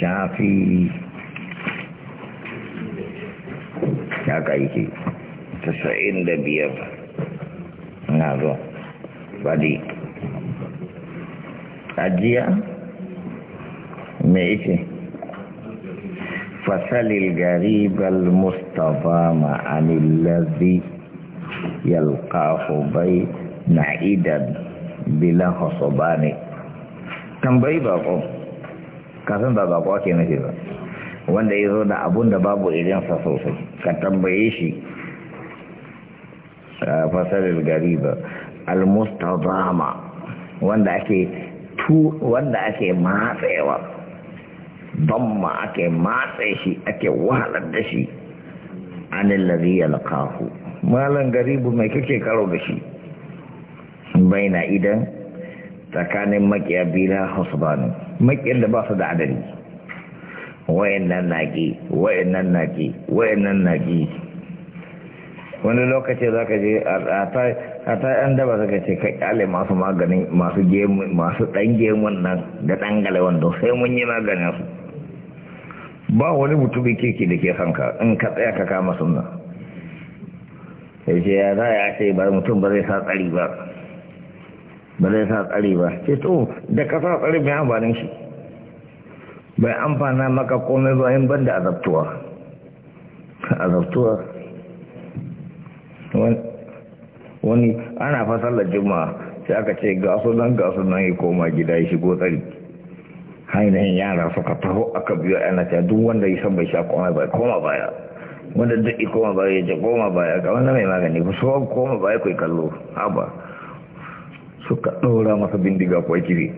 shafi ya ka yake tasa'in da biyar na zo badi ajiya mai ce fasalil garibal mustapha ma'anin lazi yalkafu bai na idan bila hasobani tambayi bakon kasan da zaɓuwa ke nake ba wanda ya zo da abun da babu sa sosai ka tambaye shi fasarar gari ba almustazama wanda ake tu wanda ake matsewa don ma ake matse shi ake wahalar da shi anin lariya lakahu malan garibu mai kake karo da shi bai na idan tsakanin makiya bila husbanu makiyar da ba su da adali wayannan naki wayannan naki na naki wani lokaci za ka je a ta yan daba ka ce ka kyale masu magani masu gemu dan gemun nan da dan galewan don sai mun yi maganin su ba wani mutumin kirki da ke hanka in ka tsaya ka kama suna. ya ce ya za a ce ba mutum ba zai sa tsari ba ba zai sa tsari ba ce to da ka sa tsari mai amfanin shi bai amfana maka komai ba yin banda azabtuwa azabtuwa wani ana da juma sai aka ce ga su nan ga su nan ya koma gida ya shigo tsari hainihin yara suka taho aka biyo yana ta duk wanda ya san bai sha komai bai koma baya wanda duk koma baya ya ce koma baya ga wanda mai magani ba su koma baya ku kallo haba suka ɗora masa bindiga kwai kiri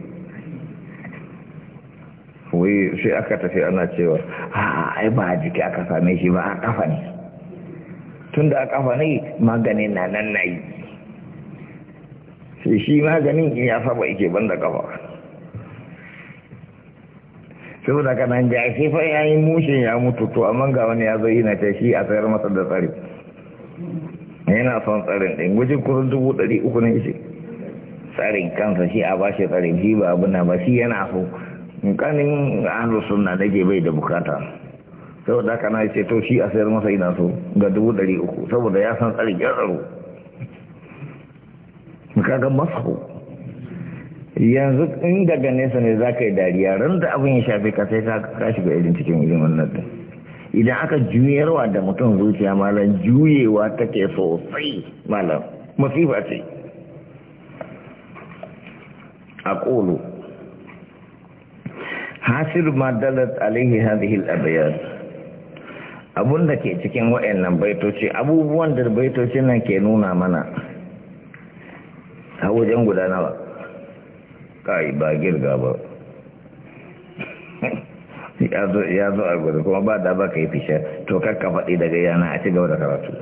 wai sai aka tafi ana cewa a ai ba a jiki aka same shi ba a kafa ne tun da a kafa ne maganin na nan na yi sai shi maganin ya saba ike banda kafa saboda nan ga shi fa yayin mushin ya mutu to amma ga wani ya zo yana shi a tsayar masa da tsari yana son tsarin ɗin, wajen kurin dubu ɗari uku ne shi tsarin kansa shi a bashi tsari shi ba abu na ba shi yana so kanin ahlu sunna ke bai da bukata saboda kana ce to shi a sayar masa ina so ga dubu dari uku saboda ya san tsarin ya tsaro kaga masu yanzu in daga nesa ne za ka yi dariya ran da abin ya shafi ka sai ka ga irin cikin irin wannan din idan aka juyarwa da mutum zuciya malam juyewa take sosai malam masifa ce أقول حاصل ما دلت عليه هذه الأبيات abun da ke cikin waɗannan baitoci abubuwan da baitocin nan ke nuna mana a wajen guda nawa kai ba girga ba ya zo a gudu kuma ba da ba ka yi fishe to kakka faɗi daga yana a ci gaba da karatu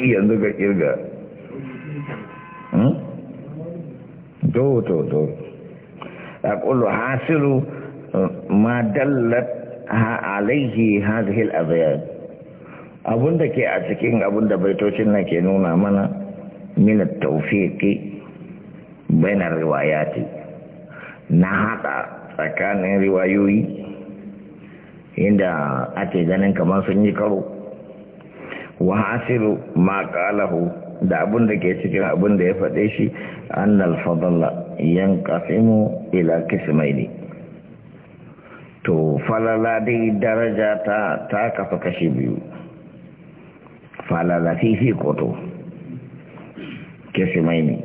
yanzu ga girga do to do aqulu hasilu ma dallat alaihi hadhihi al-abyad abunda ke a cikin abunda baitocin nan ke nuna mana min at-tawfiqi baina riwayati na hada tsakanin riwayoyi inda ake ganin kamar sun yi karo wa hasilu ma qalahu da abun da ke cikin abun da ya faɗe shi أن الفضل ينقسم إلى كسمين to falala درجة daraja ta ta kafa kashi biyu falala fifi koto kesimai ne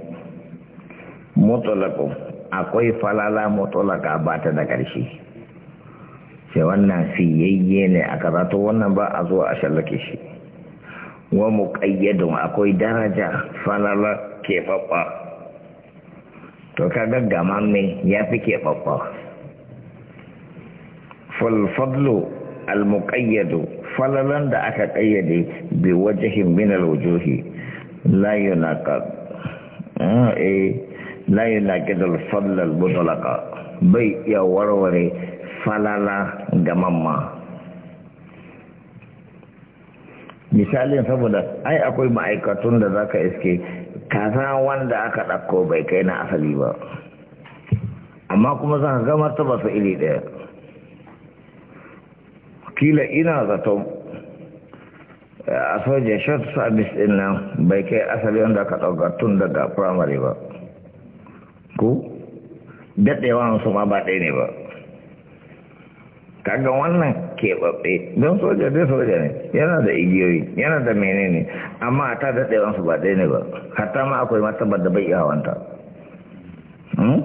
mutulakun akwai falala mutulaka ba ta da ƙarshe sai wannan siyayye ne a karatu wannan ba a zo a shallake shi wa muƙayyadun akwai daraja falala faɓa. to kaga gamamme ya fi keɓaɓɓa falfadlo almuƙayyado falalan da aka ƙayyade bi wajahin minal wujuhi la yunaqad eh, eh la yunaqad al-fadl al-mutlaqa bai iya warware falala ga mamma misalin saboda ai akwai ma'aikatun da za ka iske san wanda aka ɗauko bai kai na asali ba amma kuma za ka gamar ta iri ɗaya kila ina zato eh, a soja short service ɗin nan bai kai asali wanda aka ɗauka tun daga primary ba ku daɗewa su ma ba ɗaya ne ba kaga wannan keɓaɓɓe don soja dai soja ne yana da igiyoyi yana da menene amma a ta daɗewan wansu ba ɗaya ne ba hatta ma akwai matabar da bai iya wanta hmm?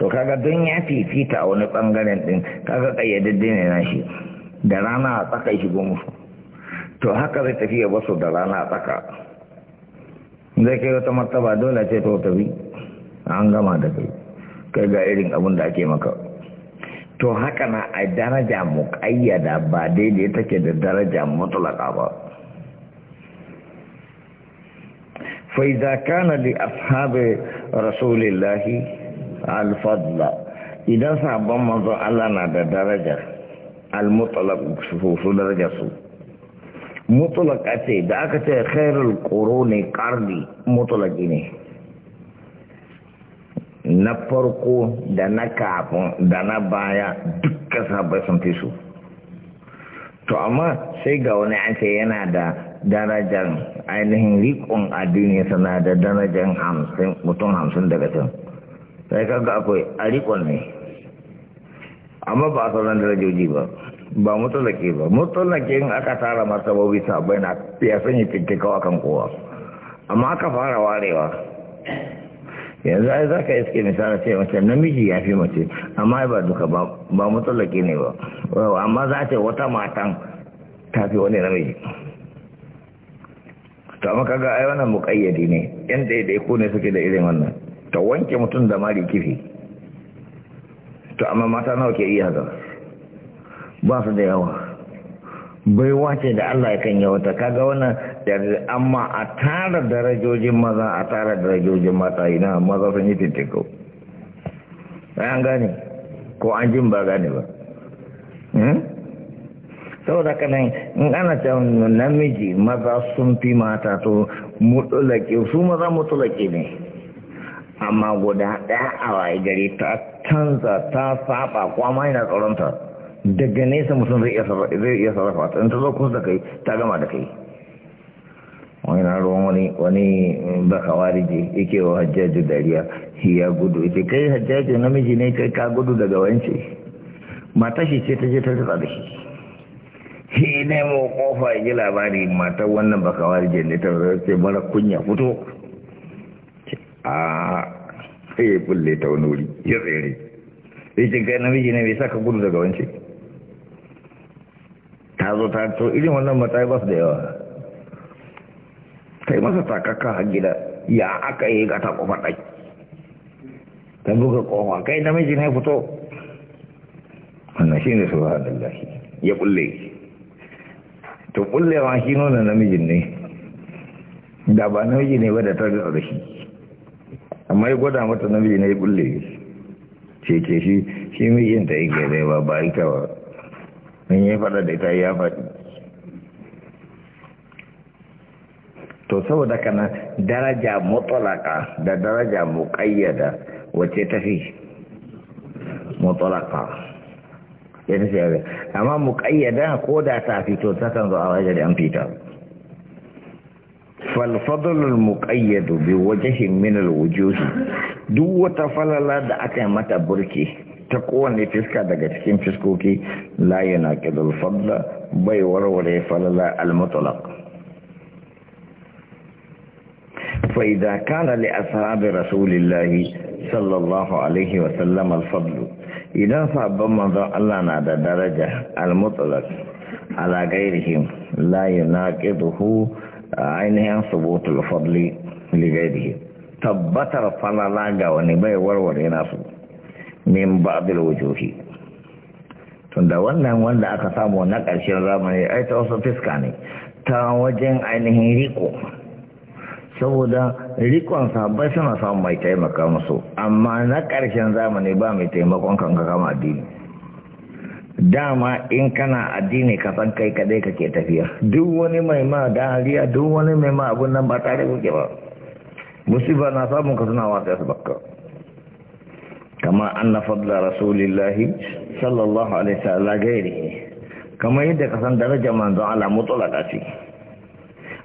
to kaga don ya fifita a wani ɓangaren ɗin kaga ƙayyadadde ne na shi da rana a tsaka shigo musu to haka zai tafi ya basu da rana a tsaka zai kai wata martaba dole ce to tafi an gama da kai kai ga irin abin da ake maka to haka na a daraja muƙayyada ba daidai take da daraja mutulaka ba فإذا كان لأصحاب رسول الله الفضل إذا صعب na da درجة المطلق سفوف درجة سوء mutlak a ce da aka ce khairul ne qarni mutlak ne na farko da na kafin da na baya dukkan sahabbai sun fi su to amma sai ga wani an ce yana da darajar ainihin rikon addini sana da darajar hamsin mutum hamsin daga can sai kaga akwai a rikon ne amma ba a sauran darajoji ba ba mutulake ba mutulake in aka tara martabobi sabai na ya sanya fitikawa kan kowa amma aka fara warewa yanzu ai za ka iske misali ce mace namiji ya fi mace amma ba duka ba mutulake ne ba amma za ce wata matan ta fi wani namiji to amma kaga ai wannan muƙayyadi ne yan daidai ko ne suke da irin wannan to wanke mutum da mari kifi to amma mata nawa ke iya haka ba su da yawa baiwa ce da Allah ya kan yawata kaga wannan amma a tara darajojin maza a tara darajojin mata ina maza sun yi tintiko an gane ko an jin ba gane ba hmm? saboda kanan in ana cewa namiji maza sun fi mata to mutulake su maza mutulake ne amma guda ɗaya a waye gari ta canza ta saba kwama yana tsoronta daga nesa mutum zai iya sarrafa ta in ta zo kusa da kai ta gama da kai wani na ruwan wani wani je yake wa hajjaji dariya ya gudu ita kai hajjaji namiji ne kai ka gudu daga wance shi ce ta je ta tsada shi shi ne mu kofa ya ji labari matan wannan baka wari ne ta ce mara kunya fito a sai ya bulle ta wani wuri ya tsere ya ce kai namiji ne bai saka gudu daga wance ta zo ta to irin wannan mata ba su da yawa kai masa takaka a gida ya aka yi gata ta kofa ɗai ta buga kofa kai namiji ne fito wannan shi ne su ba da lahi ya bulle to kullewa shi nuna namijin ne da ba namiji ne ba da ta da shi amma yi gwada mata namiji ne ya kulle ce ce shi shi ta yi zai ba ba ita ba in ya faɗa da ita ya faɗi to saboda kana daraja motsalaka da daraja muƙayyada wacce tafi motsalaka? ya nufi zai amma mu ƙayyada ko da ta fito ta kan zo a wajen an fita falfadlul muqayyadu bi minar min alwujuh duk wata falala da aka yi mata burki ta kowane fiska daga cikin fiskoki na yanaqidul fadla bai warware falala almutlaq fa idza kana li ashabi rasulillahi sallallahu alaihi wa sallam idan sabon manzon Allah na da daraja al-mutlaq ala ghairihim la yunaqiduhu ainihin subutul fadli li ghairihi tabbatar falala ga wani bai warware nasu min ba'dil wujuhi tunda wannan wanda aka samu na ƙarshen zamani ai ta wasu fiska ne ta wajen ainihin riko saboda rikon bai suna samun mai taimaka musu amma na ƙarshen zamani ba mai taimakon kanka kama addini dama in kana addini ka san kai kadai kake tafiya duk wani mai ma dariya duk wani mai ma abun nan ba tare kuke ba musiba na samun ka suna wasu su bakka kama na fadla rasulillahi sallallahu alaihi wa sallam gairi kamar yadda ka san darajar manzon Allah ce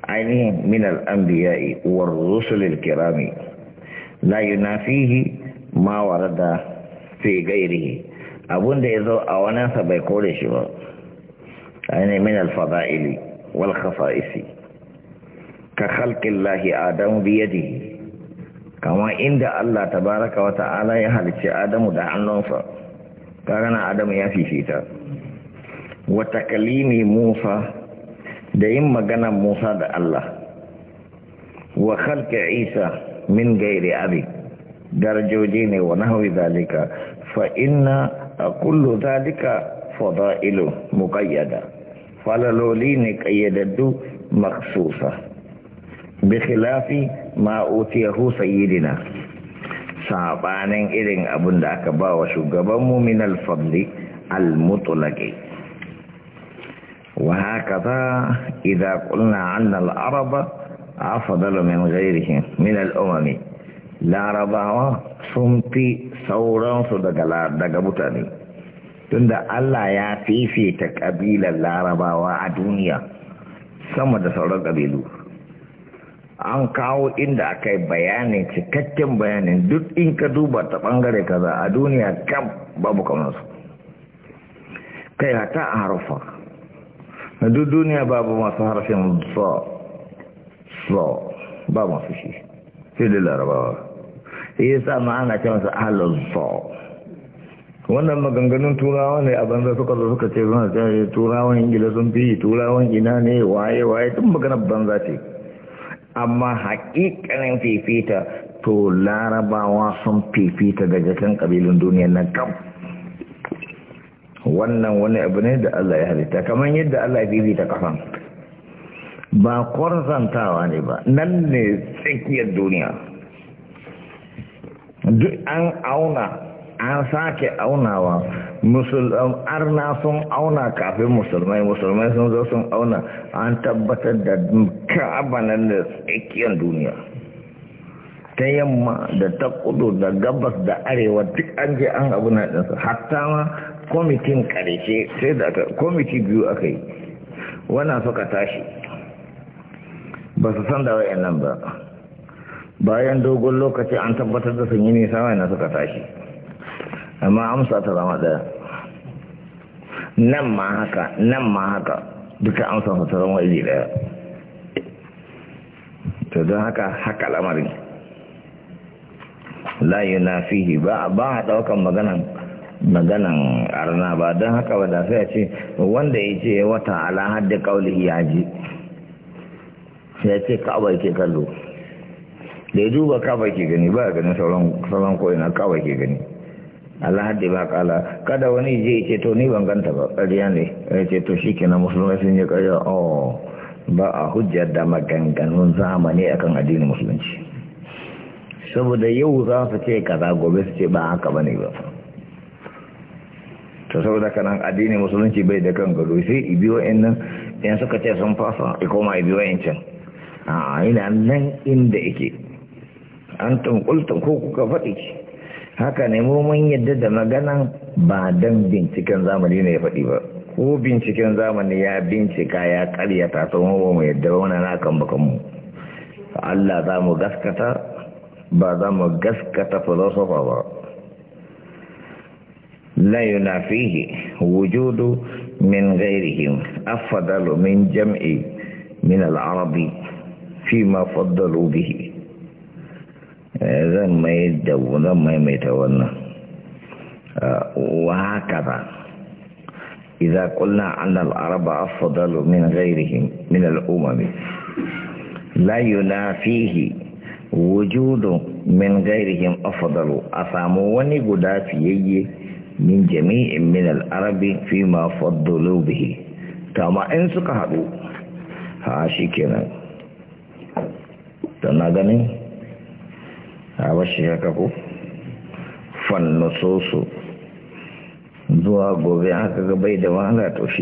ainihin min al'ambiya'i war rusulil kirami la yunafihi ma warada fi gairihi abun ya zo a wanansa bai kore shi ba ainihin min alfada'ili wal khasa'isi ka khalqin lahi adamu biyadihi kama inda Allah baraka wa ta'ala ya halicci adamu da hannunsa ta gana adamu ya fifita wa takalimi musa da yin maganan Musa da Allah wa khalqa Isa min gairi abi darajoji ne wa nahwi zalika fa inna kullu zalika fadailu muqayyada falaloli ne kayyadaddu maksusa bi khilafi ma utiyahu sayyidina sabanin irin abin da aka ba wa shugaban mu min al-fadli al-mutlaqi وهكذا إذا قلنا أن العرب أفضل من غيرهم من الأمم larabawa sun fi sauransu daga mutane tunda Allah ya fifita ƙabilar larabawa a duniya sama da sauran ƙabilu an kawo inda aka yi bayanin cikakken bayanin duk in ka duba ta ɓangare kaza a duniya kam babu kamansu kai hata a harfa na duk duniya babu masu harshen so so ba masu shi shi da larabawa iya sa ma'ana ce masu ahalar so wannan maganganun turawa ne a banza suka zo suka ce zuwa jari eh, turawan ingila sun fi turawan ina ne waye waye tun maganar banza ce amma haƙiƙanin fifita to larabawa sun fifita daga kan ƙabilun duniyar nan kam wannan wani abu ne da Allah ya halitta kamar yadda Allah ya ta kafan ba kwarzantawa ne ba nan ne tsakiyar duniya duk an auna an sake aunawa musulman um, arna sun auna kafin musulmai musulmai sun zo sun auna an tabbatar da ka'aba nan da tsakiyar duniya ta yamma da ta kudu da gabas da arewa duk an je an abu na ɗansa hatta ma kwamitin ƙarshe sai da aka kwamiti biyu aka yi wana suka tashi ba su san da wa'yan nan ba bayan dogon lokaci an tabbatar da sun yi nisa wa'yan suka tashi amma amsa ta zama ɗaya nan ma haka nan ma haka duka amsa ta zama iri ɗaya to don haka haka lamarin la yunafihi ba ba daukan maganan maganan arna ba don haka ba da sai ce wanda ya ce wata ala hadda kauli ya ji sai ce kawai ke kallo da ya duba kawai ke gani ba ganin sauran koyina kawai ke gani ala haddi ba kala kada wani je ya ce to ni ban ganta ba ƙarya ne ya ce to shi kenan musulmai sun yi ƙarya oh ba a hujjar da maganganun zamani akan addinin musulunci saboda yau za su ce kaza gobe su ce ba haka bane ba to saboda kanan addini musulunci bai da kan gado sai ibiyo in nan in suka ce sun fasa ya koma ibiyo in can a ina nan inda ike an tunkultun ko kuka faɗi haka ne mu mun yadda da maganan ba dan binciken zamani ne ya faɗi ba ko binciken zamani ya bincika ya karyata sun hawa mu yadda wani na kan bakanmu Allah za mu gaskata ba za mu gaskata filosofa ba la yunafihi wujudu min ghairihim afdalu min jam'i min al-arabi fi ma faddalu bihi zan mai da zan mai mai ta wannan wa hakaza idza qulna anna al-araba afdalu min ghairihim min al-umami la yunafihi wujudu min ghairihim afdalu a samu wani guda fiyayye min jami'in min al'arabi fi ma faddalu bihi tama in suka haɗu ha shi kenan tana ganin a bashi ko. kako fannusosu zuwa gobe haka gabai da wahala to shi